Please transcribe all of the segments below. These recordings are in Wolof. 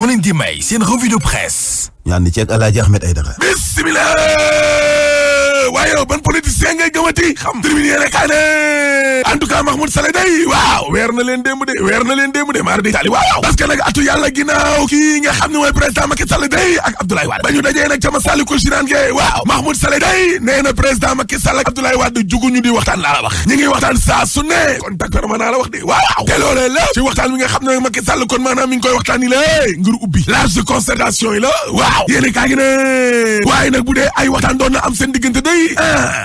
moo leen di may seen revue de presse. ñaan ni ci ak Alaaji Ahmed Aidara. bismillah. waaye yow ban politicien ngay xam tribune yéene kaay ne en tout cas waaw weer na leen démb de weer na leen démb de maar di taali waaw parce que nag atu yàlla ginnaaw kii nga xam ne mooy président Macky Sall day ak Abdoulaye ba ñu dajee nag ca Massalikul Jinaan ge waaw Mahmoud Saleh day nee na président Macky Sall ak Abdoulaye Wade juguñu di waxtaan la wax ñu ngi waxtaan saa su ne contact permanent la wax de waaw te loolee nga xam ne Macky Sall kon maanaam mi yi la ngir ubbi large de concertation yi la waaw yéene kaa ngi ne nag bu dee ay waxtaan doon am seen diggante day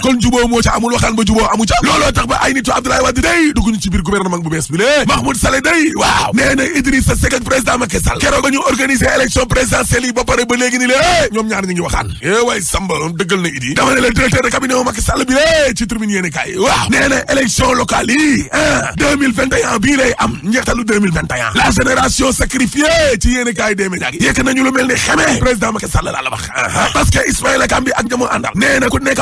kon juboo moo ca amul waxtaan ba juboo amu ca looloo tax ba ay nitu Abdoulaye Wade day dugguñu ci biir gouvernement bu bees bi lée Mahmoud day waaw nee na Idrissa Seck président Macky Sall keroog ba ñu organiser élection présidentielle yi ba pare ba léegi ni lé eh, ñoom ñaar ñu ngi waxtaan é eh, waay Samba moom na Idi dama ne la directeur de cabinet wu Macky Sall bi lée ci tribune yéene kaay waaw nee na eh, la génération sacrifiée ci yéene kaay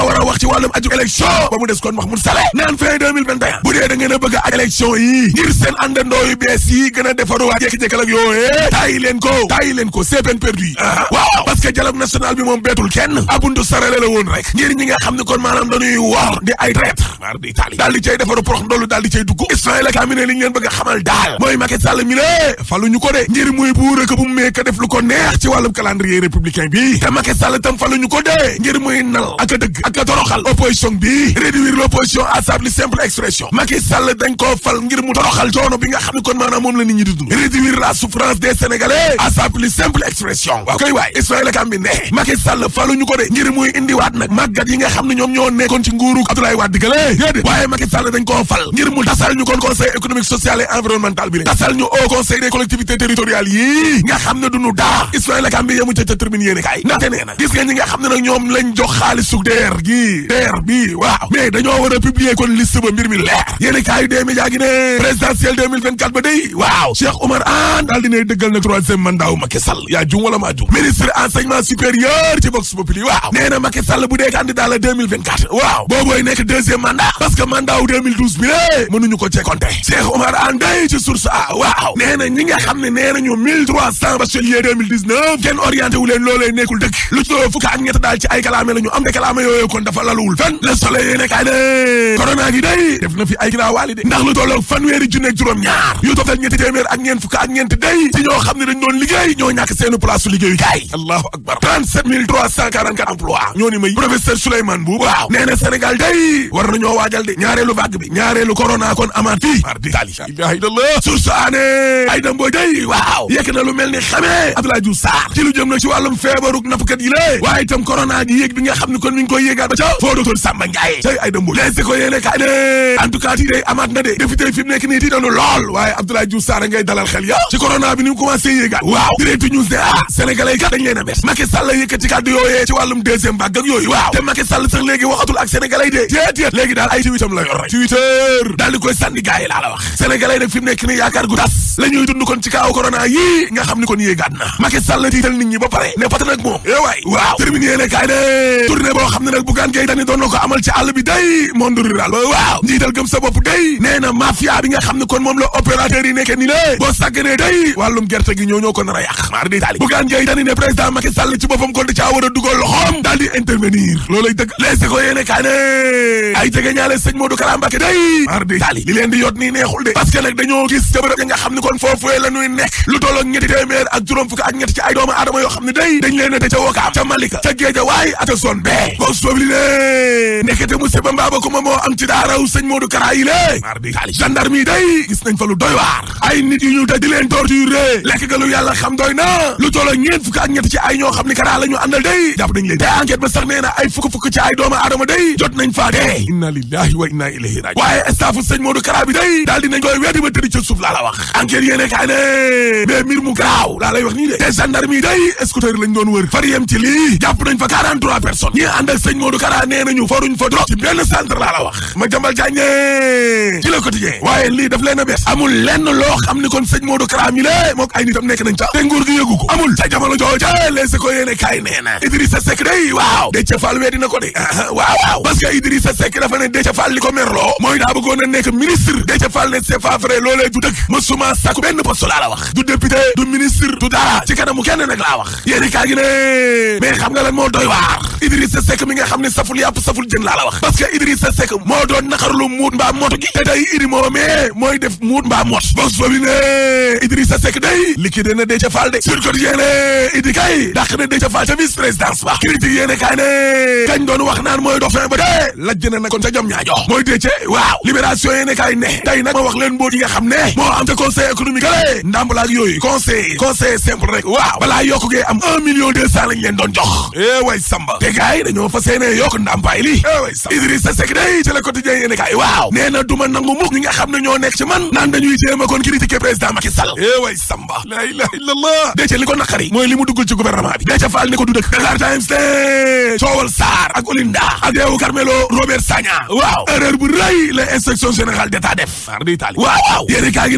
sax wax ci wàllum aju élection ba mu des kon Mahmoud Saleh naan fin 2021 bu dee da ngeen a bëgg ak élection yi ngir seen àndandoo yu bees yi gën a defaruwaat jekki-jekkal ak yooyee taayi leen ko taayi leen ko c'est peine perdue ah, waaw parce que dialogue national bi moom beetul kenn abundu sarale la woon rek ngir ñi xam ne kon maanaam dañuy wor di ay traître mar di tali daal di cay defaru porox ndollu daal di cay dugg Ismaïla li ñu leen bëgg xamal daal de ngir muy buur bi te ak a toroxal opposition bi réduire l'opposition à sa plus simple expression Macky Sall dañ koo fal ngir mu toroxal coono bi nga xam ne kon maanaam moom la nit ñi di dund réduire la souffrance des Sénégalais à simple expression waaw koy waay Ismaïla Kambi ne Macky Sall faluñu ko de ngir muy indiwaat nag màggat yi nga xam ne ñoom ñoo nekkoon ci nguuru Abdoulaye Wade gële déedéet waaye Macky Sall dañ koo fal ngir mu tasal ñu kon conseil économique social TER gi TER waaw mais dañoo war a kon liste ba mbir mi leer yéeni kas yi gi ne présidentielle ba day waaw Cheikh Oumar Anne daal dinay dëggal na mandat wu Sall yaa jum wala maa jum ministre enseignement supérieur ci Vox Populi waaw nee na Sall bu dee candidat la 2024 waaw boobooy nekk mandat parce mandat bi lée mënuñu ko cekonte Cheikh Oumar Anne day ci source a waaw nee ñi nga xam ne nee nañu 1300 bachelier 2019 kenn orienté wu yooyu kon dafa laluwul fenn le soleil yéene gi day def na fi ay giraawaali de ndax lu tolloog fanweeri junni ak juróom ñaar yu toftal ñetti téeméer ak ñeent fukk ak ñeent day ci ñoo xam ne dañ doon liggéey ñoo ñàkk seenu place su liggéeyu akbar ñoo ni may professeur Souleymane Bou waaw nee na day war nañoo waajal de ñaareelu vague bi ñaareelu corona kon amaat fii mardi tali ilaha illallah sursaane ay damboo day waaw yekk lu mel ni xamee Abdoulaye Diouf Sarr ci yéegaat ba ca foo docteur Samba Ndiaye cay ay dëmbu les ko yéene kaay ne en tout amaat na de député fi nekk nii ti lool waaye Abdoulaye Diouf Sarr ngay dalal xel ya ci corona bi ni mu commencé yéegaat waaw direct news de ah sénégalais yi kat dañ leen a bett Macky Sall yëkkati ci wàllum deuxième vague yooyu te Macky Sall sax léegi waxatul ak sénégalais de déet déet léegi daal ay tweetam la Twitter daal di koy sànni gars yi laa wax sénégalais nag Bougane Gueye Dany doon na ko amal ci àll bi day monde rural waaw njiital gëm sa bopp day nee na bi nga xam ne kon moom la opérateur yi nekke ni lée boo sàgganee day wàllum gerte gi ñoo ñoo ko nar a yàq maar di ne président Macky Sall ci boppam kon da caa war a dugal loxoom daal di intervenir loolay dëgg leese ko yéene ay jege ñaale sëñ Modou Kara Mbacké day li leen di yot nii neexul de parce nag dañoo gis ca bërëb ya nga xam a a peuple ne ndekete musiba a ko ma moo am ci daaraw sëñ Modou Kara yi lé day gis nañ fa lu doy waar ay ci ay ñoo xam ni Kara la ñu àndal day jàpp nañ leen te enquête ba sax nee na ay fukk-fukk ci ay doomu aadama day jot nañ faa dee inna lillahi wa inna ilayhi raji waaye staffu sëñ Modou Kara bi day daal la wax nii de te gendarme yi fa 43 personnes ñi Modou Kara nee nañu faruñ fa drog ci benn centre laa la wax ma jambal jaañ ne ci le quotidien waaye lii daf leen a bees amul lenn loo xam ni kon sëñ Modou Kara mi lé mook ay nitam nekk nañ ca te nguur gi yëgu ko amul ca jamono jooja les ko yéene kaay nee na Idrissa Seck day waaw Déthié Fall wee dina ko de waaw waaw parce que Idrissa Seck dafa a benn poste laa la wax du député du ministre du dara ci kanamu kenn nag laa wax yéene kaay gi ne mais xam ne saful yàpp saful jën laa wax parce que Idrissa Seck moo doon naqarlu muut mbaa motu gi te day iri moomee mooy def muut mbaa mot bos fa bi ne Idrissa Seck day liquide na Déthié Fall de surcote yéene idi kay dàq na Déthié Fall ca vice présidence ba critique yéene kaay ne kañ doon wax naan mooy dauphin ba dee lajj na ca jam ñaajo mooy Déthié waaw libération ne tey nag wax leen mbóot yi nga xam ne moo am ca conseil économique ale ndàmbalaak yooyu conseil conseil waaw balaa yokku gee am un yéene yokk ndàmpaay li way eh sa Idrissa Seck day ci le quotidien yéene kaay waaw nee na duma nangu mukk ñi nga xam ñoo nekk ci man naan dañuy jéem a kon critiquer président Macky Sall way eh samba la ilaha illallah dee ca li ko mooy li mu duggul ci gouvernement bi dee ca faal ne ko du dëkk Dakar Times te coowal Sarr ak Olinda ak yeewu Carmelo Robert Sagna waaw erreur bu rëy la inspection générale d'État def waaw yéene kaay gi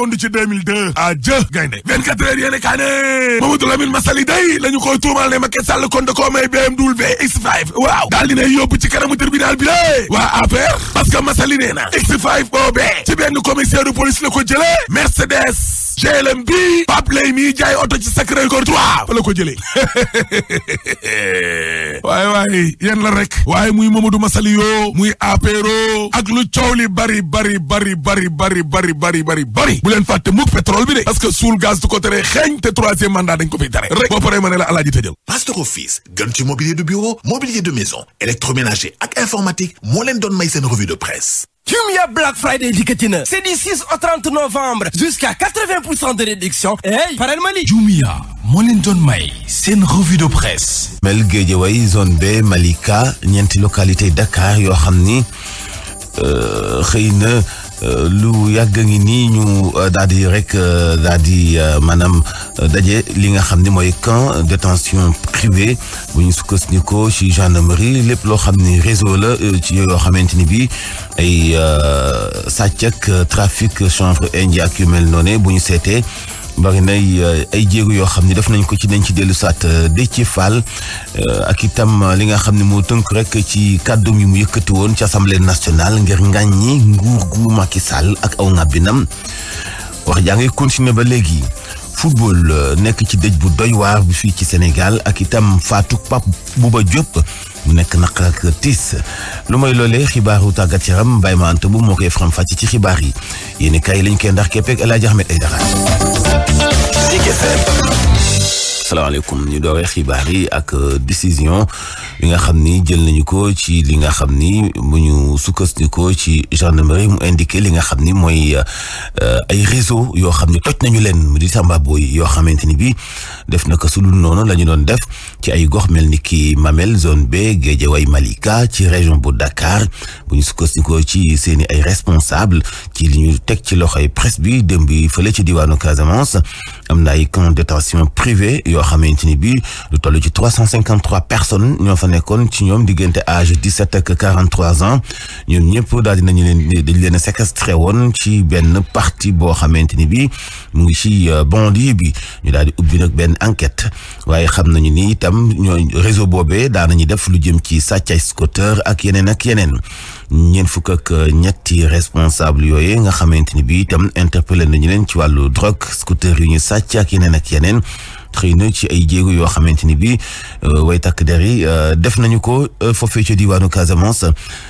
monde ci 2002 ah jë gaynde 24 heures yéene kaa ne Mamadou Lamine Massaly day la ñu koy tuumal ne Macky waaw daal dinay yóbbu ci kanamu tribunal bi lée waa APR parce que Massaly nee na X5 boobee ci benn commissaire de police la ko jëlee Mercedes Thiès GLM bi Pape mi jaay oto ci Sacré-Cœur 3 fa la ko jëlee waaye waaye yéen la rek waaye muy Mamadou Masali yoo muy apéro ak lu coow bari bari bari bari bari bari bari bari bari bu leen fàtte mukk pétrole bi de parce que suul gaz du ko tere xeeñ te troisième mandat dañ ko fiy rek boo paree ma ne la alaaji tëjal Office gën mobilier de bureau mobilier de maison électroménager ak informatique moo leen doon may seen revue de presse Jumia Black Friday dikkati na c'est du 6 au 30 novembre jusqu'à 80 pour cent de réduction hey parel Mali Jumia moo leen doon may seen revue de presse mel Guédiawaye zone B Malika ñeenti localité Dakar yoo xam ni euh, xëy na Euh, lu yàgg ngi nii ñu euh, daal di rek euh, daal di maanaam daje li nga xam ni mooy camp détention privé bu ñu sukkandikoo ci gendarmerie lépp loo xam ni réseau la ci yoo xamante ni bii ay sàcc ak trafic chanvre indien ak yu mel noonu bu ñu seetee. bari nay eh, ay jéego yoo xam ne daf nañ ko ci nañ ci dellu ci eh, Déthié Fall eh, ak itam li nga xam ne moo tënk rek ci kàddu yi mu yëkkati woon ci assemblée nationale ngir ngàññi nguur gu Macky Sall ak aw ngàbbinam wax jaa ngay continuer ba léegi football nekk ci dëj bu doy waar bi fii ci Sénégal ak itam faatu Pape buba Diop mu nekk naqar ak tiis lu may loole xibaaru tàggat yaram Baye Ma Anta bu moo koy faram fàcce ci xibaar yi yéen kay lañ koy ndax keppeeg El Hadj Ahmed Aïdara salaamaaleykum ñu dooree xibaar yi ak décision bi nga xam ni jël nañu ko ci li nga xam ni mu ñu sukkandikoo ci gendarmerie mu indiqué li nga xam ni mooy euh, ay réseau yoo xam ni toj nañu leen mu di Samba Boy yoo xamante ni bi def na ko su noonu la ñu doon def ci ay gox mel ni ki Mamel zone B Guédiawaye Malika ci région bu Dakar bu ñu sukkandikoo ci seeni ay responsable ci li ñu teg ci loxoy presse bi dem bi fële ci diwaanu Casamance am na ay camp de détention privé yoo xamante ni bi lu toll ci trois cent cinquante trois personnes nekkoon ci ñoom diggante âge 17 ak 43 ans ñoom ñëpp daal dinañu leen dañ leen a woon ci benn parti boo xamante ni bi mu ngi ci banlieue bi ñu daal di ubbi nag benn enquête waaye xam nañu ni itam ñoo réseau boobee daanañu def lu jëm ci sàcc ay scooter ak yeneen ak yeneen ñeen fukk ak euh, ñetti responsable yooyu nga xamante ni bi itam interpellé nañu leen ci wàllu drogue scooter yu ñu sàcc ak yeneen ak yeneen xëy na ci ay jéego yoo xamante ni bii euh, way takk der yi euh, def nañu ko euh, foofee ca diwaanu Casamance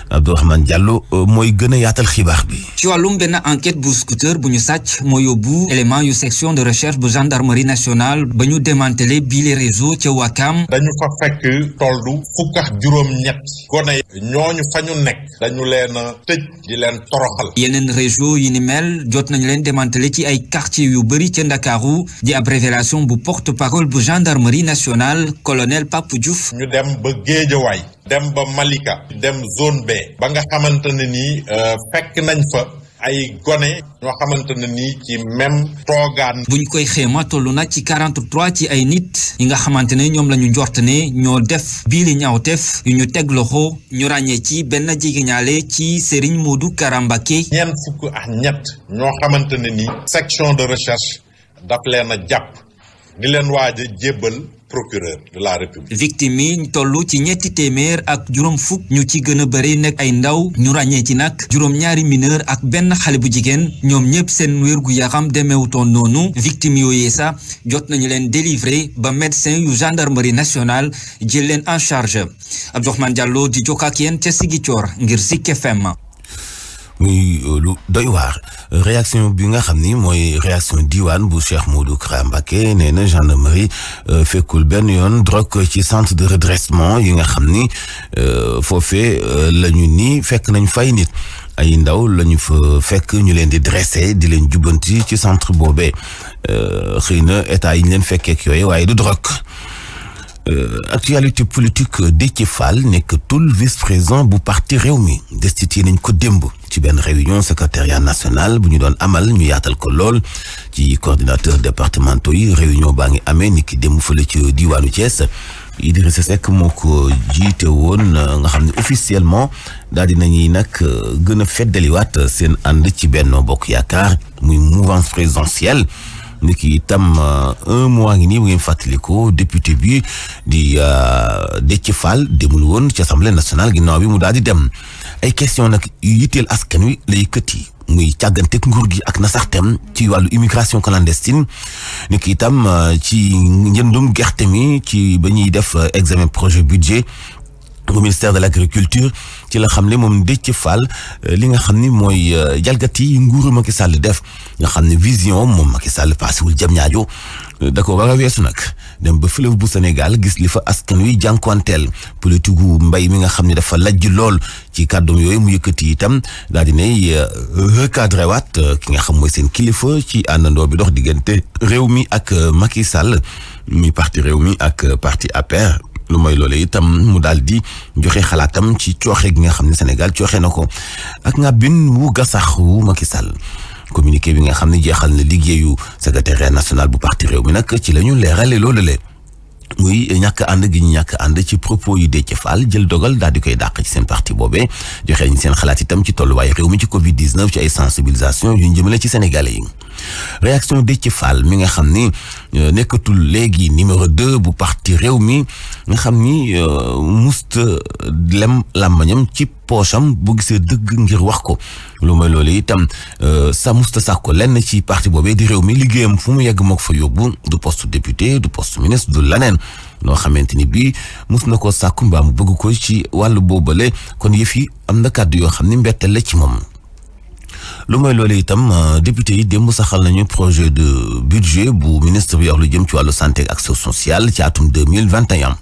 Abdourahmane Diallo mooy gën a yaatal xibaar bi. ci wàllum benn enquête bu scooter bu ñu sàcc moo yóbbu élément yu section de recherche bu gendarmerie nationale ba ñu démantelé bii les réseaux ca Wakam. dañu fa fekk tollu fukk ak juróom-ñett gone ñooñu fa ñu nekk dañu leen a tëj di leen toroxal. yeneen réseau yi ni mel jot nañu leen démantelé ci ay quartier yu bëri ca Ndakaaru porte-parole bu gendarmerie nationale colonel Papou Diouf. ñu dem ba Géejawaay dem ba Malika dem zone B ba nga xamante ne nii euh, fekk nañ fa ay gone ñoo xamante ne nii ci même toogaan. buñ koy xeema tollu nag ci 43 ci ay nit yi nga xamante ne ñoom lañu ñu njort ñoo def bii li ñaawteef yu ñu teg loxo ñu ràññee ci benn jegeñaale ci seriñ Modou Karambake. ñeent fukk ak ñett ñoo xamante ne nii. section de recherche daf leen a jàpp. di leen waaj jébbal procureur de la république. victime yi ñu toll ci ñetti téeméer ak juróom fukk ñu ci gën a bëri nekk ay ndaw ñu ràññee ci nag juróom ñaari mineur ak benn xale bu jigéen ñoom ñëpp seen wér gu yaram demeewutoon noonu victime yooyee sax jot nañu leen délivrer ba médecin yu gendarmerie nationale jël leen en charge Abdourahmane Diallo di jokk ak yéen ca Ziguinchor ngir Zik FM. muy euh, lu doy waar réaction bi nga xam ni mooy réaction diwaan bu Cheikh Modou Kara Mbacké nee na gendarmerie euh, fekkul benn yoon drogue ci centre de redressement yi nga xam ni euh, foofee la lañu nii fekk nañu fay nit ay ndaw lañu fa fekk ñu leen di dressé di leen jubbanti ci centre boobee xëy na état yi ñu leen fekkee yooyu waaye du drogue Euh, actualité politique euh, Déthié Fall nekkatul vice-président bu parti réew mi Rewmi ti nañ ko démb ci benn réunion secrétariat national bu ñu doon amal ñu yaatal ko lool ci coordinateur départementaux yi réunion baa ngi amee ni ki démb fële ci diwaanu Thiès Idrissa Seck moo ko jiite woon euh, nga xam ne officiellement daal di nañuy nag gën a feddaliwaat seen ànd ci benn Bokk Yaakaar muy mouvance présidentielle ni ki itam euh, un mois ngi nii bu ngeen fàttaliko député bi di euh, de ci Fall demul woon ci assemblée nationale ginnaaw bi mu daal di dem ay question nag yitteel askan wi lay kët yi muy càgganteeg nguur gi ak na saxtem ci wàllu immigration clandestine ni ki itam euh, ci njëndum gerte mi ci ba ñuy def examen projet budget bu ministère de l'agriculture ci la xam ne moom Déthié Fall euh, li nga xam ni mooy euh, jalgati nguur Macky Sall def nga xam ne vision moom Macky Sall paasewul jëm ñaajo euh, da ko war a weesu nag dem ba fleuve bu Sénégal gis li fa askan wi jànkuwanteel politique gu mbay mi nga xam ne dafa lajj lool ci kàddoom yooyu mu yëkkati itam daal di nay recadré waat ki nga xam mooy seen kilifa ci àndandoo bi dox diggante réew mi ak Macky Sall mi parti réew mi ak parti APR. lu mooy loole itam mu daal di joxe xalaatam ci cooxe gi nga xam ne Sénégal cooxe na ko ak nga bin wu gasax wu Macky Sall communiqué bi nga xam ne jeexal na liggéeyu secrétariat national bu parti réew mi nag ci la ñu leerale loolu le muy ñàkk and gi ñu ñàkk ànd ci propos yu Déthié Fall jël dogal daal di koy dàq ci seen parti boobee joxe ñu seen xalaat itam ci tolluwaayu réew mi ci Covid 19 ci ay sensibilisation yu ñu jëmale ci Sénégalais yi. réaction ci Fall mi nga xam ni euh, nekkatul léegi numéro deux bu parti réew mi nga xam ni euh, musta euh, lem làmbañam ci poosam bu gisee dëgg ngir wax ko lu may loolu itam sa musta sàkko lenn ci parti boobee di réew mi liggéeyam fu mu yegg mook fa yóbbu du post député du post ministre du laneen noo xamante ni bii mus na ko sàkku mbaa mu bëgg ko ci wàllu boobale kon yëf yi am na kàddu yoo xam ni mbetteel la ci moom lu mooy loolu itam euh, député yi démb saxal nañu projet de budget bu ministre bi yor lu jëm ci wàllu santé ak action sociale ci atum deux mille vingt i un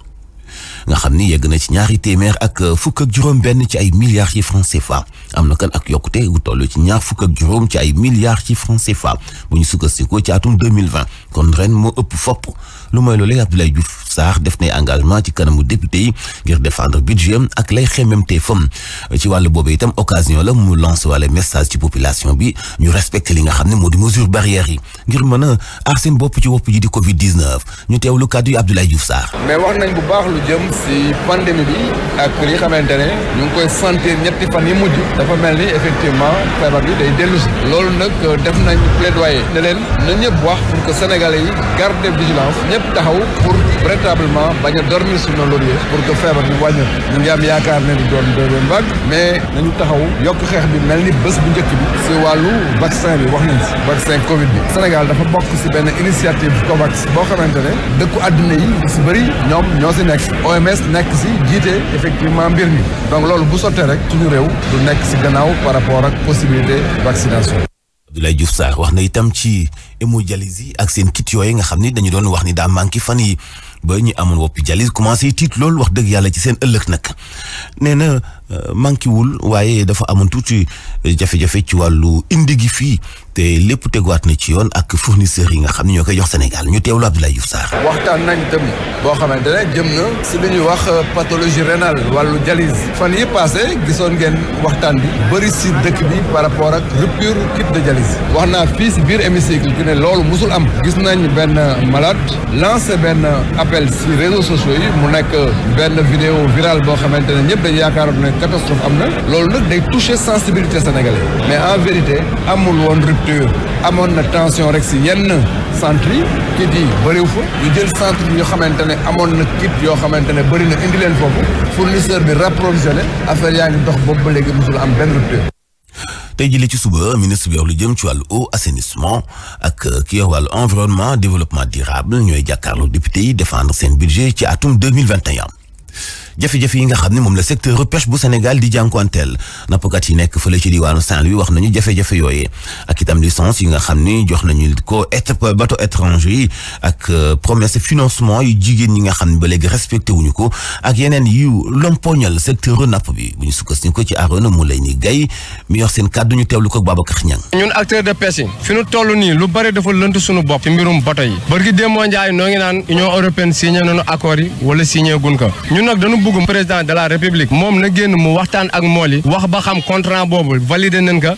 nga xam ni yegg na ci ñaari téeméer ak euh, fukk ak juróom benn ci ay milliards ci franc CFA am na kan ak yokkute gu toll ci ñaar fukk ak juróom ci ay milliards ci franc CFA bu ñu sukkandikoo ci atum deux mille vingt kon ren moo ëpp fopp lu mooy loolee Abdoulaye Diouf Sarr def na engagement ci kanamu député yi ngir défendre budget ak lay xemmemtee fam ci wàllu boobu itam occasion la mu lancer walla message ci population bi ñu respecté li nga xam ne moo di mesure barrière yi ngir mën a aar seen bopp ci wopp ji di Covid 19 ñu teewlu kàddu yi Abdoulaye Diouf Sarr. mais wax nañ bu baax lu jëm si pandémie bi ak li xamante ne ñu ngi koy sentir ñetti fan yi mujj dafa mel ni effectivement feebar na ñëpp wax pour que sénégalais taxaw pour véritablement bañ a dormir sur pour que feebar ñu wàññi ñu ngi am yaakaar ne di doon deuxième vague mais nañu taxaw yokk xeex bi mel ni bés bu njëkk bi si wàllu vaccin bi wax nañ si vaccin covid bi Sénégal dafa bokk si benn initiative COVAX boo xamante ne dëkku àddina yi si bëri ñoom ñoo si nekk OMS nekk si jiite effectivement mbir mi donc loolu bu sottee rek ñu réew du nekk si gannaaw par rapport ak possibilité vaccination du lay Diouf Sarr wax na itam ci hémodialyse yi ak seen kit yooyu nga xam ni dañu doon wax ni daa manqué fan yi ba ñi amoon woppi jalis commencé tiit lool wax dëgg yàlla ci seen ëllëg nag nee na euh, manqué wul waaye dafa amoon tuuti jafe-jafe ci wàllu indi gi fii te lépp teguwaat na ci yoon ak fournisseurs yi nga xam ne ñoo koy jox Sénégal ñu teewlu Abdoulaye Diouf Sarr. waxtaan nañ dem boo xamante ne jëm na si li ñuy wax euh, pathologie rénale wàllu dialyse fan yi passé gisoon ngeen waxtaan bi bëri si dëkk bi par rapport ak rupture kit de dialyse wax naa fii si biir hémicycle loolu musul am gis nañ benn malade lancé appel si réseaux sociaux yi mu nekk benn vidéo virale boo xamante ne ñëpp dañu yaakaaroon ne catastrophe am na loolu nag day toucher sensibilité sénégalais mais en vérité amul woon rupture amoon na tension rek si yenn centre yi kit yi bëriw fa ñu jël centre yi ñu xamante ne amoon na kit yoo xamante ne bëri na indi leen foofu fournisseur bi rapprovisionné affaire yaa ngi dox boobu ba léegi mosul am benn rupture tey jii ci suba ministre bi wax lu jëm ci wàllu eau ak euh, ki wax wàllu environnement développement durable ñooy jàkkaarloo député yi défendre seen budget ci atum deux mille vingt et jafe-jafe yi nga xam ne moom la secteur pêche bu Sénégal di jànkuwanteel nappkat yi nekk fële ci diwaanu Saint-Louis wax nañu jafe-jafe yooyee ak itam licence yi nga xam ni jox nañu ko étranger yi ak euh, promesse financement yu jigéen ñi nga xam ne ba léegi respecté ko ak yeneen yu lompoñal secteur napp bi bu ñu sukkandiku ci Arona Moulay Gaye mi yor seen kàddu ñu teewlu ko Babacar Niang ñun acteur de pêche fi ñu toll nii lu bari dafa lënt nag dañu bëgg président de la république moom na génn mu waxtaan ak mool wax ba xam contrat boobu validé nañ ko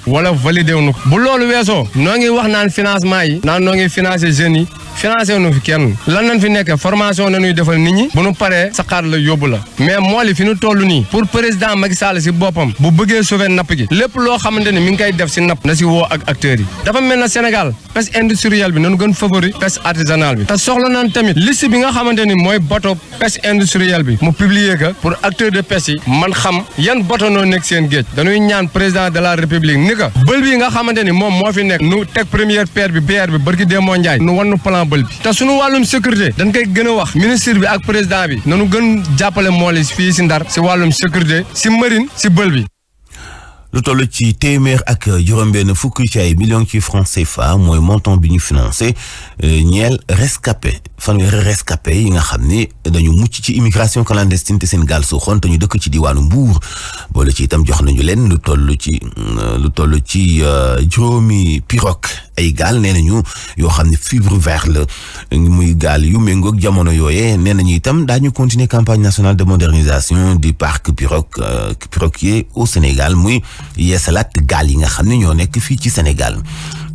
bu loolu weesoo noo ngi wax naan financement yi naan noo ngi financé jeunes financé wu ñu fi kenn lan lañ fi nekk formation nañuy defal nit ñi bu ñu paree saxaar la yóbbu la mais mool yi fi ñu toll nii pour président Macky Sall si boppam bu bëggee sauver napp gi lépp loo xamante ni mi ngi koy def si napp na si woo ak acteurs yi dafa mel na Sénégal pêche industrielle bi nañu gën favori pêche artisanale bi te soxla nañ tamit liste bi nga xamante ni mooy bateau pêche industrielle bi mu publier pour acteurs de pêche yi man xam yan bateau noo nekk seen ñaan président de la république ni ko bël bi nga xamante moom moo fi nekk nu teg première pierre bi ensemble bi te suñu wàllum sécurité dañ koy gën a wax ministre bi ak président bi nanu gën jàppale moolis fii si ndar si wàllum sécurité si marine si bël bi lu toll ci téeméer ak juróom-benn fukk ci ay million ci francs CFA mooy montant bi ñu financé euh, ñeel rescapé fanweeri rescapé yi nga xam ni dañu mucc ci immigration clandestine te seen gaal suuxoon ñu dëkk ci diwaanu Mbuur boole ci itam jox nañu leen lu toll ci lu toll ci euh, juróomi pirogue ay gaal nee nañu yoo xam ne fibre vert la muy gaal yu méngoog jamono yooyee nee nañu itam ñu continuer campagne nationale de modernisation du parc pirogue euh, piroquier au Sénégal muy yeesalaat gaal yi nga xam ne ñoo nekk fii ci Sénégal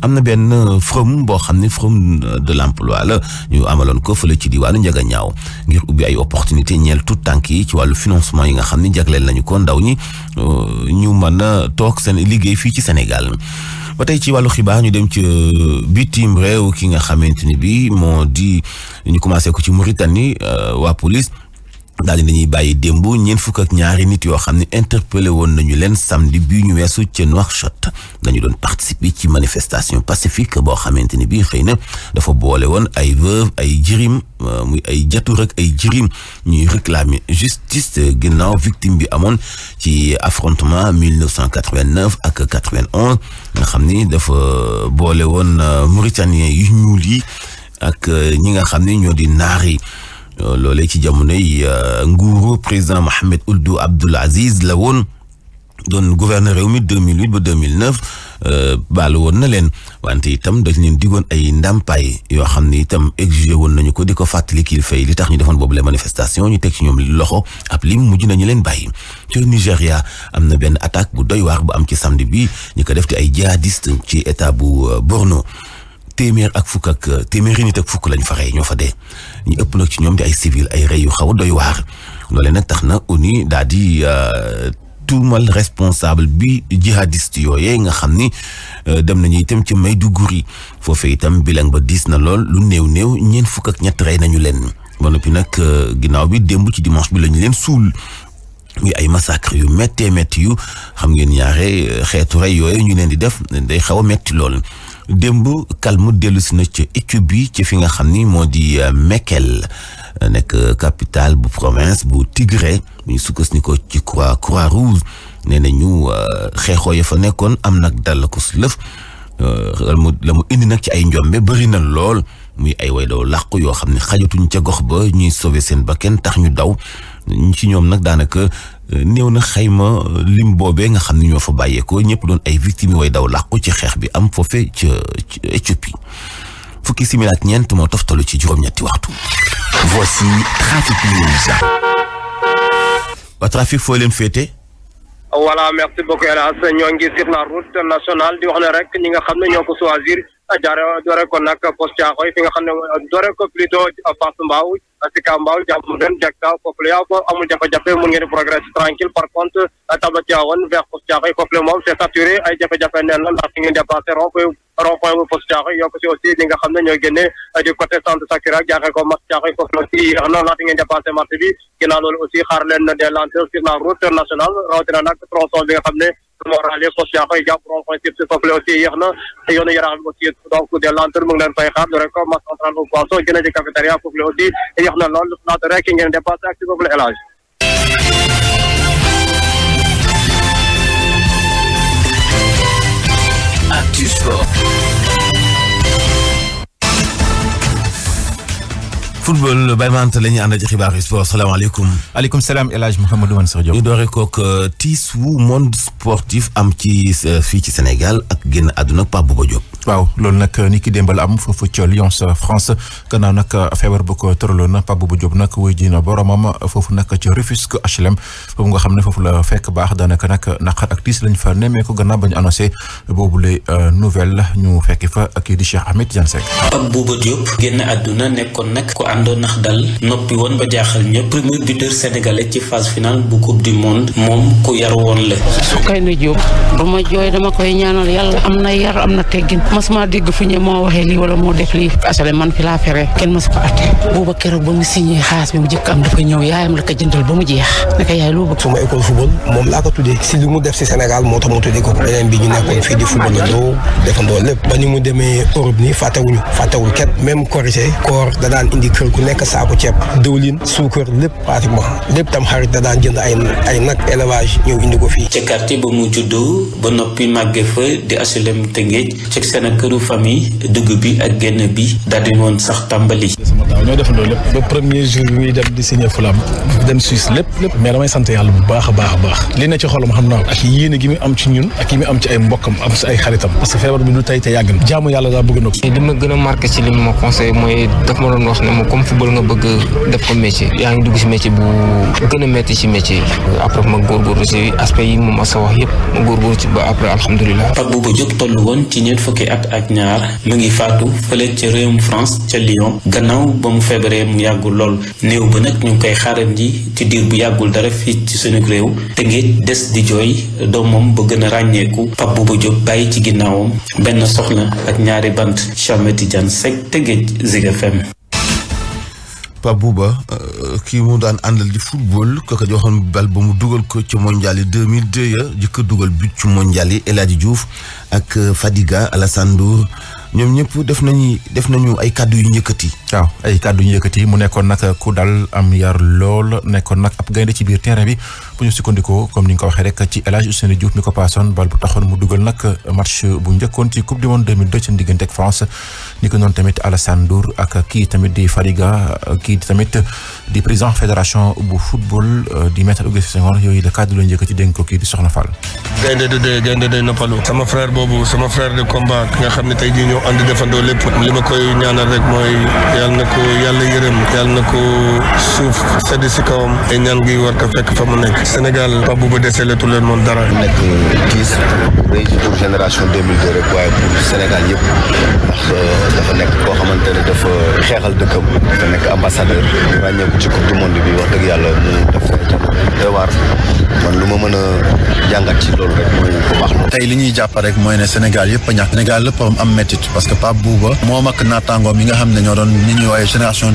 am na benn forum boo xam ne forum de l'emploi la ñu amaloon ko fële ci diwaanu Njaga ñaaw ngir ubbi ay opportunité ñeel tout tànk yi ci wàllu financement yi nga xam ni jagleel nañu ko ndaw ñi euh, ñu mën a toog liggéey fii ci Sénégal ba tey ci wàllu xibaar ñu dem ci euh, bitim réew ki nga xamante ni bi moo di ñu commencé ko ci Mauritanie euh, waa police daal di nañuy bàyyi démb ñeent fukk ak ñaari nit yoo xam ne interpellé woon nañu leen samedi bii ñu weesu ca Nouakchott dañu doon participer ci manifestation pacifique boo xamante ni bii xëy na dafa boole woon ay veuve ay jirim euh, muy ay jatu rek ay jirim ñuy réclamer justice ginnaaw victime bi amoon ci affrontement 1989 ak 91 nga xam ni dafa boole woon euh, mauritanien yu ñuul yi ak euh, ñi nga xam ni ñoo di naar yi loolee ci jamonoy euh, nguuru président Mohamed Ould Abdoul Aziz la woon doon gouverneur réew mi 2008 ba 2009 euh, baalu woon na leen wante itam dañ leen digoon ay ndàmpaay yoo xam ne itam exigé woon nañu ko di ko fàttali kilifa yi li tax ñu defoon boobu les manifestations ñu teg ci ñoom loxo ab lim mujj nañu leen bàyyi. ci Nigéria am na benn attaque bu doy waar bu am ci samedi bi ñu ko def te ay jihadiste ci état bu euh, Borno. téeméer ak fukk ak téeméeri ak fukk lañ fa rey ñoo fa dee ñu ëpp nag ci ñoom di ay civil ay rey yu xaw a doy waar loolee nag tax na ONU daal di euh, tuumal responsable bi jihadiste yooyee nga xam ni euh, dem nañu itam ci may Maïdougouri foofee itam bilan ba diis na lool lu néew néew ñeen fukk ak ñett rey nañu leen ba noppi nag euh, ginnaaw bi démb ci dimanche bi lañu leen suul muy ay massacre yu méttee métti yu xam ngeen ñaare xeetu rey yooyu ñu leen di def day xaw a métti lool démb calme dellusi na ca Éthiopie ci fi nga xam ni moo di euh, Mekelle euh, nekk capitale bu province bu Tigré bu ñu sukkandiku ci croix croix rouge nee na ñu euh, xeexoo ya fa nekkoon am nag dal ko su lëf la mu la mu indi nag ci ay njombe bëri na lool muy ay wayloo làqu yoo xam ne xajatuñ ca gox ba ñuy sauver seen bakken tax ñu daw ñu ci ñoom nag daanaka néew na xayma euh, lim boobee nga xam ne ñoo fa bàyyeekoo ñëpp doon ay victimes way daw làqu ci xeex bi am foofe ca Éthiopie fukki simila ñeent moo toftalu ci juróom-ñetti waxtu. voici trafic foo leen féete. voilà merci beaucoup El Hadj ñoo ngi sur la route nationale di wax ne rek ñi nga xam ne ñoo ko choisir. jaare doore ko nag pos caaxoy fi nga xam ne doore ko plutôt Fass Mbao Sicap Mbao jàmm gën jakta foofu la yow amul jafe-jafe tranquille par contre tabla Tivaouane vers pos caaxoy foofu la moom c'est saturé ay jafe-jafe neen la ndax fi ngeen dépassé rond-point rond-point aussi li nga xam ne ñooy génne du côté centre Sakura jaaxee ko marché caaxoy foofu la aussi yéex na ndax fi ngeen bi ginnaaw aussi xaar leen des lenteurs ne morale Kouthia Faye jàpp rond point sud foofu la aussi yéex na te yoonu yaraax bi aussi donc des lenteurs mu ngi leen fay xaar rek masse centrale au poisson jëlee ci cafétéria foofu la aussi yéex na lool naata rek ngeen dépassé e ak ci foofu la élage Actu Sport football baymant la ñuy ànd ci xibaar yi sport salaamaaleykum. aleykum salaam El euh, am ci euh, fii ci Sénégal ak génn àdduna Pape Bouba Diop. waaw loolu nag euh, ni ki démbal am foofu ca Lyon France gannaaw nag feebar bu ko tëraloon Pape Bouba Diop nag wuy ji na boromam foofu nag ca Rufisque HLM foofu nga xam ne foofu la fekk baax daanaka nag naqar ak tiis lañ fa nemmeeku gannaaw ba ñu annoncé boobule nouvelle ñu fekki fa kii di Cheikh Ahmed Diagne Seck. Pape Bouba Diop génn àdduna àndoon nax dal noppi woon ba jaaxal ñëpp premier buteur sénégalais ci phase finale bu coupe du monde moom ku yar woon la. Soukeyna Diop du ma jooy dama koy ñaanal yàlla am na yar am na teggin mosuma dégg fu ñu moo waxee lii wala moo def lii asale man fi laa feree kenn mosu ko atte booba keroog ba mu signé xaas bi mu jëkk am dafa ñëw yaayam la ko jëndal ba mu jeex naka yaay loo bëgg. suma école football moom laa ko tuddee si li mu def si Sénégal moo tax mu tuddee ko beneen bi ba mu demee Europe ni fàttewuñu fàttewul kenn même corrigé koor da daan indi kër ku nekk saako ceeb diwlin suukar lépp pratiquement lépp tam xarit da daan jënd ay ay nag élevage ñëw indi ko fii. ci quartier mu judd ci seen bi ak génn bi daal di woon sax tàmbali. sama daaw ñoo def loolu lépp ba premier jour bi muy dem di signé fulam dem Suisse lépp lépp mais damay sant yàlla bu baax a baax a baax li ne ci xolam xam naa ko ak yéene gi mu am ci ak yi mu am ci ay mbokkam am ci ay xaritam parce que feebar bi du tey te yàgg na jaamu yàlla daa bëgg na ko. li ma gën a marqué ci li ma conseillé mooy daf ma doon wax comme football nga bëgg def ko métier yaa ngi dugg si métier bu gën a métti ci métier yi après ma góorgóorlu si aspect yi moom sa wax yëpp ma góorgóorlu ci ba après alhamdulilah Pape Bouba Diop toll woon ci ñeent fukki at ak ñaar mu ngi faatu fële ca réewum France ca Lyon gannaaw ba mu feebaree mu yàggul lool néew ba nag ñu ngi koy xaaran ji ci diir bu yàggul dara fii ci sunu réew te des di jooy doomam ba gën a ràññeeku Pape Bouba Diop bàyyi ci ginnaawam benn soxna ak ñaari bant Chameti Jan Seck te géej FM Pape Bouba euh, kii mu daan àndal di football kooka joxoon bal ba mu dugal ko ci mondial yi 2002 ya jëkk dugal but ci mondial yi El Hadji ak euh, Fadiga Alassane Ndour ñoom ñëpp def nañu def nañu ay kàddu yu yëkkati. waaw ay kàddu yu yëkkati mu nekkoon nag ku dal am yar lool nekkoon nag ab gaynde ci biir terrain bi bu ñu sukkandikoo comme ni ci El Hadj ko paasoon bal bu taxoon mu dugal nag match bu njëkkoon ci coupe du monde 2002 diggante France ni ko noonu tamit Alassane ak kii tamit di Fadiga kii tamit di président fédération bu football euh, di maître Augustin Senghor yooyu la kàddu la yëkkati dénk ko kii di Soxna Fall. gaynde de gaynde de noppalu. sama frère boobu sama frère de combat nga xam ñoo ànd defandoo lépp li ma koy ñaanal rek mooy yal na ko yàlla yërëm yal na ko suuf sa si kawam ay ñaan gi war ko fekk fa mu nekk Sénégal pa bu ba desee letu leen moom dara nekk tiis rëy pour génération 2002 rek waaye pour Sénégal yëpp ndax euh, dafa nekk koo xamante ne dafa xeexal dëkkam dafa nekk ambassadeur ràññeeku ci coupe du monde bi wax dëgg yàlla mu def doy waar man lu ma mën a jàngat ci loolu rek mooy bu baax tey li ñuy jàpp rek mooy ne Sénégal yëpp a ñàkk Sénégal lépp am méttit parce que Pape Bouba moom ak naataangoom yi nga xam ne ñoo doon ni ñuy waaye génération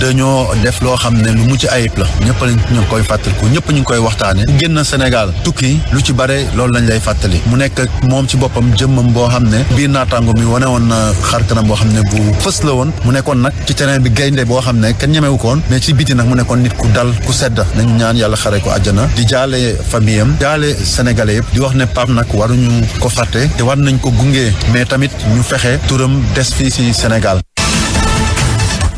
dañoo def loo xam ne lu mucc ayib la ñëpp lañ ñu ngi koy fàttaliku ñëpp ñu ngi koy waxtaane génn Sénégal tukki lu ci bare loolu lañ lay fàttali mu nekk moom ci boppam jëmmam boo xam ne biir naataangoom yi wane woon na xar kanam boo xam ne bu fës la woon mu nekkoon nag ci terrain bi gaynde boo xam ne kenn ñemewu koon mais ci biti nag mu nekkoon nit ku dal ku sedd nañu ñaan yàlla xare ko àjjana di jaale famille am jaale Sénégalais yëpp di wax ne Pape nag waruñu ko fàtte nañ ko gunge fexe turam des fii si Sénégal.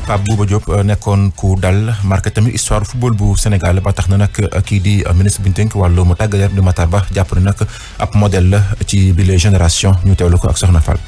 Pape Bouba euh, nekkoon ku dal marqué tamit histoire football bu Sénégal ba tax na nag euh, kii di euh, ministre bi ñu tënk wàllum tàggat yaram di Matar Ba jàpp na nag ab modèle la ci biir génération ñu teewlu ko ak Soxna Fall.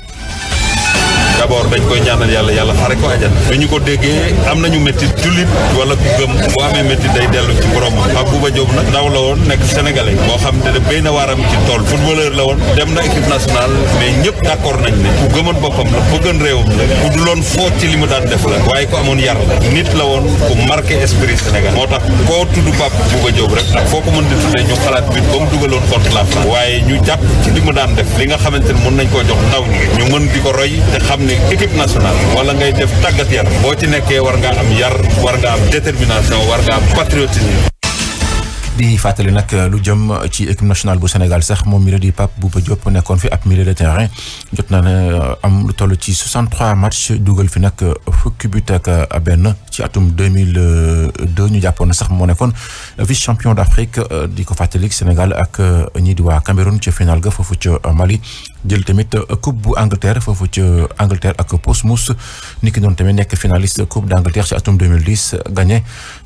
d' abord dañ koy ñaanal yàlla yàlla xare ko ajal bi ñu ko déggee am nañu métti jullit wala ku gëm boo amee métti day dellu ci borom ak Bouba Diop ndaw la woon nekk sénégalais boo xam te ne béy na waaram ci tool footballeur la woon dem na équipe nationale mais ñëpp d' accord ne ku gëmoon boppam la bëggoon réewam la ku du loon ci li mu daan def la waaye ko amoon yar la nit la woon ku marqué esprit Sénégal moo tax koo tudd Pape Bouba Diop rek ak foo ko mën di tuddee ñu xalaat bi ba mu dugaloon contre la France waaye ñu jàpp ci li mu daan def li nga xamante ne mën nañ koo jox ndaw nekk équipe nationale wala ngay def tàggat yaram boo ci nekkee war ngaa am yar war nga am détermination war nga am patriotisme. di fàttali nag euh, lu jëm ci équipe nationale bu Sénégal sax moom mi la di Pape Bouba Diop nekkoon fi ab milieu de terrain jot na ne euh, am lu toll ci 63 match dugal fi nag euh, fukki but ak benn. ci atum 2002 ñu jàppoon sax moo nekkoon vice champion d'Afrique euh, di ko fàttalik Sénégal ak euh, ñii di waa Cameroun ci final ga foofu ci Mali jël tamit euh, coupe bu Angleterre foofu ci Angleterre ak Portsmouth ni ki noonu tamit nekk finaliste coupe d'Angleterre ci atum 2010 gagné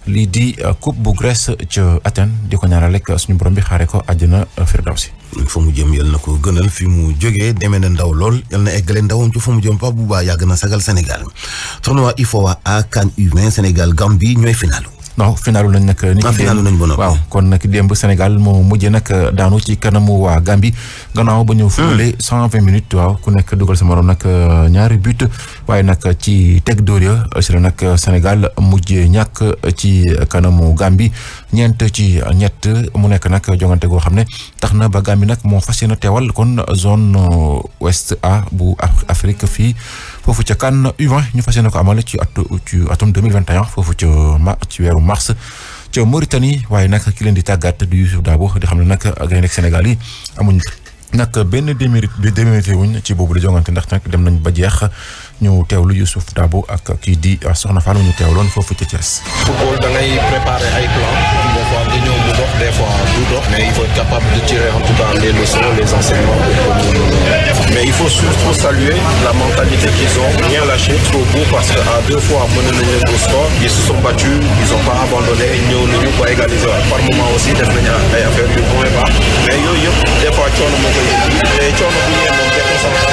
lii di coupe bu Grèce ca Athènes di ko ñaanal rek suñu borom bi xaare ko na àjjana Firdawsi fa mu jëm yal na ko gënal fi mu jógee demee na ndaw lool yal na eggale ndawam ci fa mu jëm Pape Bouba yàgg na sagal Sénégal tournoi UFOA A CAN U20 Sénégal ñooy final. non finalu lañ nag ni ki ah, démb waaw kon nag démb Sénégal moo mujjee nag euh, daanu ci kanamu waa Gambie gannaaw ba ñëw fule hmm. cent vingt minutes waaw ku nekk dugal sa morom nag euh, ñaari but waaye nag ci teg dóor ya si la nag euh, Sénégal mujje ñàkk ci kanamu Gambie ñeent ci ñett mu nekk nag jongante goo xam ne tax na ba Gambie nag moo fas yéene teewal kon zone ouest A bu Afrique fii foofu ca CAN U20 ñu fas yéene ko amal ci at ci atum 2021 foofu ca ma ci weeru mars ca Mauritanie waaye nag ki leen di tàggat di Youssouf Dabo di xam ne nag ak nekk Sénégal yi amuñ nag benn démérite bi ci boobu la jongante ndax nag dem nañ ba jeex ñu teewlu Youssouf Dabo ak kii di Soxna Fall ñu loon foofu ca Thiès. football da des fois en doute, mais il faut être capable de tirer en tout cas les enseignements. Mais il faut la mentalité qu'ils ont, rien lâché trop bout parce qu'à deux fois, mener au score, ils se sont battus, ils n'ont pas abandonné, ñëw nañu ba égaliser par moment aussi def nañu ay affaire yu bon et baax mais yooyu yëpp des fois coono moo koy indi te coono bu ñëwee moom